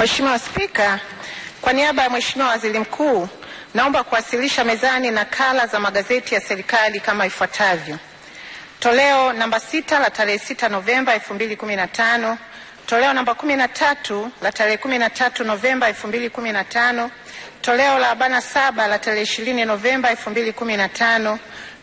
Mheshimiwa Spika, kwa niaba ya Mheshimiwa Waziri Mkuu naomba kuwasilisha mezani nakala za magazeti ya serikali kama ifuatavyo: toleo namba sita la tarehe 6 Novemba 2015, toleo namba 13 la tarehe 13 Novemba 2015, toleo la 47 la tarehe 20 Novemba 2015,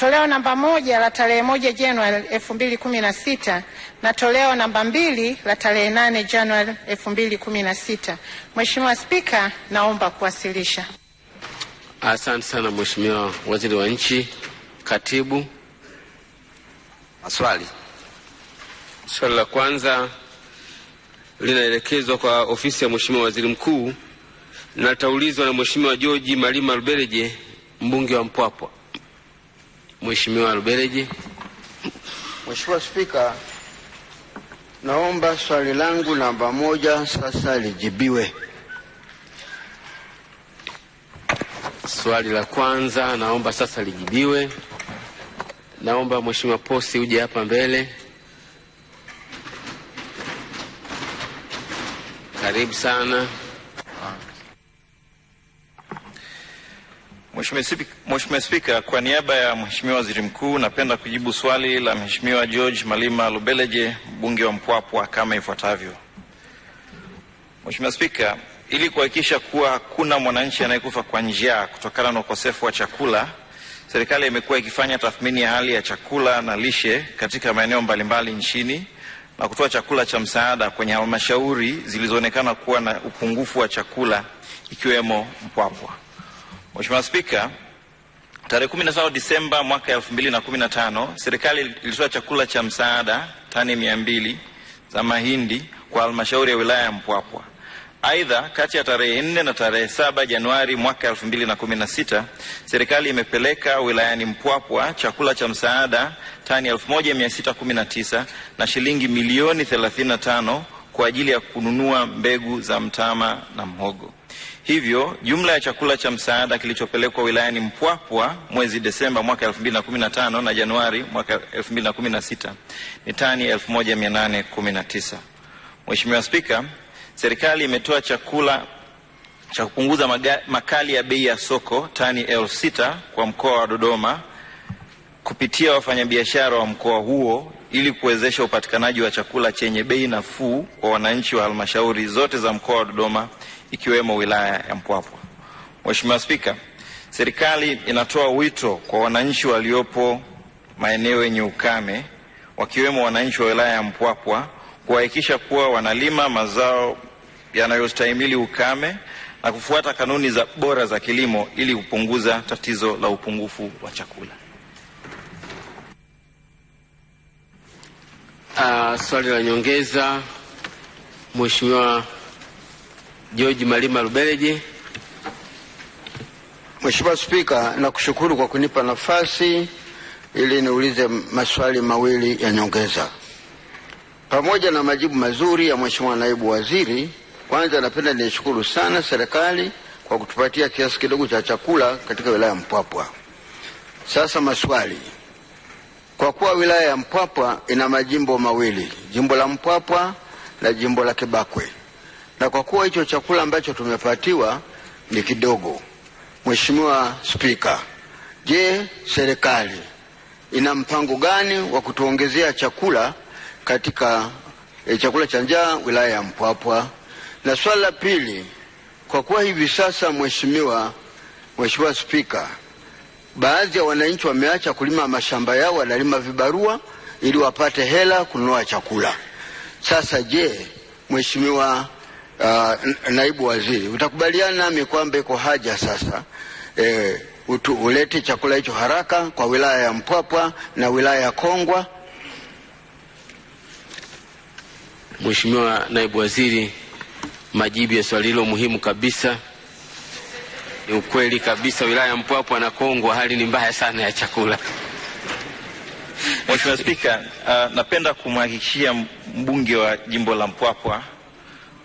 toleo namba moja la tarehe moja Januari kumi na toleo namba mbili la tarehe 8 Januari sita. Mheshimiwa Spika, naomba kuwasilisha. Asante sana Mheshimiwa Waziri wa Nchi. Katibu, maswali. Swali la kwanza linaelekezwa kwa ofisi ya Mheshimiwa Waziri Mkuu na litaulizwa na Mheshimiwa George Malima lubereje mbunge wa Mpwapwa. Mheshimiwa rubereji Mheshimiwa Spika, naomba swali langu namba moja sasa lijibiwe. Swali la kwanza naomba sasa lijibiwe. Naomba Mheshimiwa Posi uje hapa mbele. Karibu sana. Mheshimiwa Spika, kwa niaba ya Mheshimiwa Waziri Mkuu napenda kujibu swali la Mheshimiwa George Malima Lubeleje, mbunge wa Mpwapwa kama ifuatavyo. Mheshimiwa Spika, ili kuhakikisha kuwa hakuna mwananchi anayekufa kwa njaa kutokana na ukosefu wa chakula, serikali imekuwa ikifanya tathmini ya hali ya chakula na lishe katika maeneo mbalimbali nchini na kutoa chakula cha msaada kwenye halmashauri zilizoonekana kuwa na upungufu wa chakula ikiwemo Mpwapwa. Mheshimiwa Spika, tarehe 17 Disemba mwaka 2015 serikali ilitoa chakula cha msaada tani mbili za mahindi kwa halmashauri ya wilaya ya Mpwapwa. Aidha, kati ya tarehe 4 na tarehe saba Januari mwaka sita serikali imepeleka wilayani Mpwapwa chakula cha msaada tani kumi na shilingi milioni 35 kwa ajili ya kununua mbegu za mtama na mhogo. Hivyo jumla ya chakula cha msaada kilichopelekwa wilayani Mpwapwa mwezi Desemba mwaka 2015 na Januari mwaka 2016 ni tani 1819. Mheshimiwa Spika, serikali imetoa chakula cha kupunguza makali ya bei ya soko tani elfu sita kwa mkoa wa Dodoma kupitia wafanyabiashara wa mkoa huo ili kuwezesha upatikanaji wa chakula chenye bei nafuu kwa wananchi wa halmashauri zote za mkoa wa Dodoma ikiwemo wilaya ya Mpwapwa. Mheshimiwa Spika, serikali inatoa wito kwa wananchi waliopo maeneo yenye ukame wakiwemo wananchi wa wilaya ya Mpwapwa kuhakikisha kuwa wanalima mazao yanayostahimili ukame na kufuata kanuni za bora za kilimo ili kupunguza tatizo la upungufu wa chakula. Uh, swali la nyongeza Mheshimiwa George Malima Lubeleje. Mheshimiwa Spika, nakushukuru kwa kunipa nafasi ili niulize maswali mawili ya nyongeza pamoja na majibu mazuri ya Mheshimiwa Naibu Waziri. Kwanza napenda nishukuru sana serikali kwa kutupatia kiasi kidogo cha chakula katika wilaya ya Mpwapwa. Sasa maswali kwa kuwa wilaya ya Mpwapwa ina majimbo mawili, jimbo la Mpwapwa na jimbo la Kibakwe, na kwa kuwa hicho chakula ambacho tumepatiwa ni kidogo, Mheshimiwa Spika, je, serikali ina mpango gani wa kutuongezea chakula katika e, chakula cha njaa wilaya ya Mpwapwa? Na swala la pili, kwa kuwa hivi sasa Mheshimiwa Mheshimiwa Spika Baadhi ya wananchi wameacha kulima mashamba yao, wanalima vibarua ili wapate hela kununua chakula. Sasa je, mheshimiwa uh, naibu waziri, utakubaliana nami kwamba iko haja sasa e, utu, ulete chakula hicho haraka kwa wilaya ya Mpwapwa na wilaya ya Kongwa? Mheshimiwa naibu waziri, majibu ya swali hilo muhimu kabisa. Ni ukweli kabisa, wilaya ya Mpwapwa na Kongwa hali ni mbaya sana ya chakula. Mheshimiwa Spika, uh, napenda kumhakikishia mbunge wa jimbo la Mpwapwa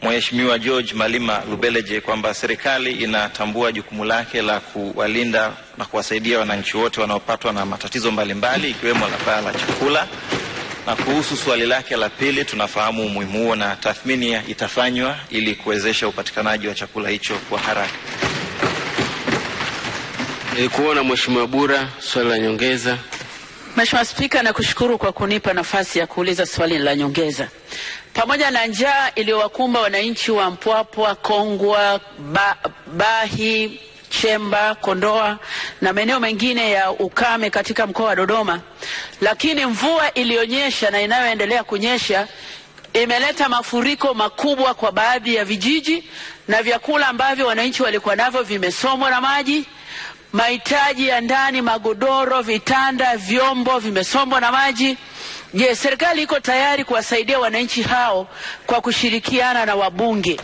Mheshimiwa George Malima Lubeleje kwamba serikali inatambua jukumu lake la kuwalinda na kuwasaidia wananchi wote wanaopatwa na matatizo mbalimbali ikiwemo la baa la chakula. Na kuhusu swali lake la pili, tunafahamu umuhimu huo na tathmini itafanywa ili kuwezesha upatikanaji wa chakula hicho kwa haraka. Nilikuona Mheshimiwa Bura, swali la nyongeza. Mheshimiwa Spika, nakushukuru kwa kunipa nafasi ya kuuliza swali la nyongeza. Pamoja na njaa iliyowakumba wananchi wa Mpwapwa, Kongwa, ba, Bahi, Chemba, Kondoa na maeneo mengine ya ukame katika mkoa wa Dodoma, lakini mvua iliyonyesha na inayoendelea kunyesha imeleta mafuriko makubwa kwa baadhi ya vijiji na vyakula ambavyo wananchi walikuwa navyo vimesomwa na maji mahitaji ya ndani, magodoro, vitanda, vyombo vimesombwa na maji. Je, serikali iko tayari kuwasaidia wananchi hao kwa kushirikiana na wabunge?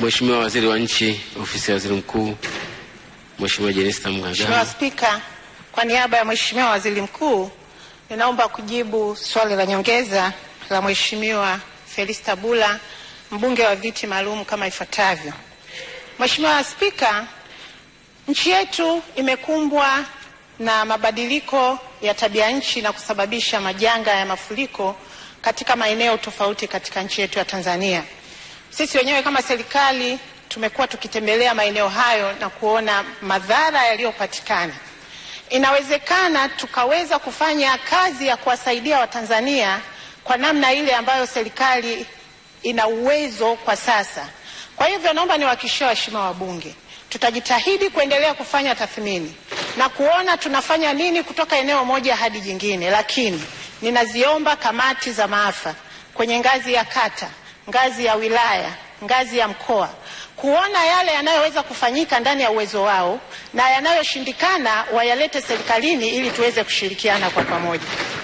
Mheshimiwa Waziri wa Nchi, Ofisi ya Waziri Mkuu, Mheshimiwa Jenista Mgagara. Mheshimiwa Spika, kwa niaba ya Mheshimiwa Waziri Mkuu ninaomba kujibu swali la nyongeza la Mheshimiwa Felista Bula, mbunge wa viti maalum kama ifuatavyo. Mheshimiwa Spika, nchi yetu imekumbwa na mabadiliko ya tabia nchi na kusababisha majanga ya mafuriko katika maeneo tofauti katika nchi yetu ya Tanzania. Sisi wenyewe kama serikali tumekuwa tukitembelea maeneo hayo na kuona madhara yaliyopatikana. Inawezekana tukaweza kufanya kazi ya kuwasaidia Watanzania kwa namna ile ambayo serikali ina uwezo kwa sasa kwa hivyo naomba niwahakikishie waheshimiwa wabunge, tutajitahidi kuendelea kufanya tathmini na kuona tunafanya nini kutoka eneo moja hadi jingine, lakini ninaziomba kamati za maafa kwenye ngazi ya kata, ngazi ya wilaya, ngazi ya mkoa kuona yale yanayoweza kufanyika ndani ya uwezo wao na yanayoshindikana wayalete serikalini ili tuweze kushirikiana kwa pamoja.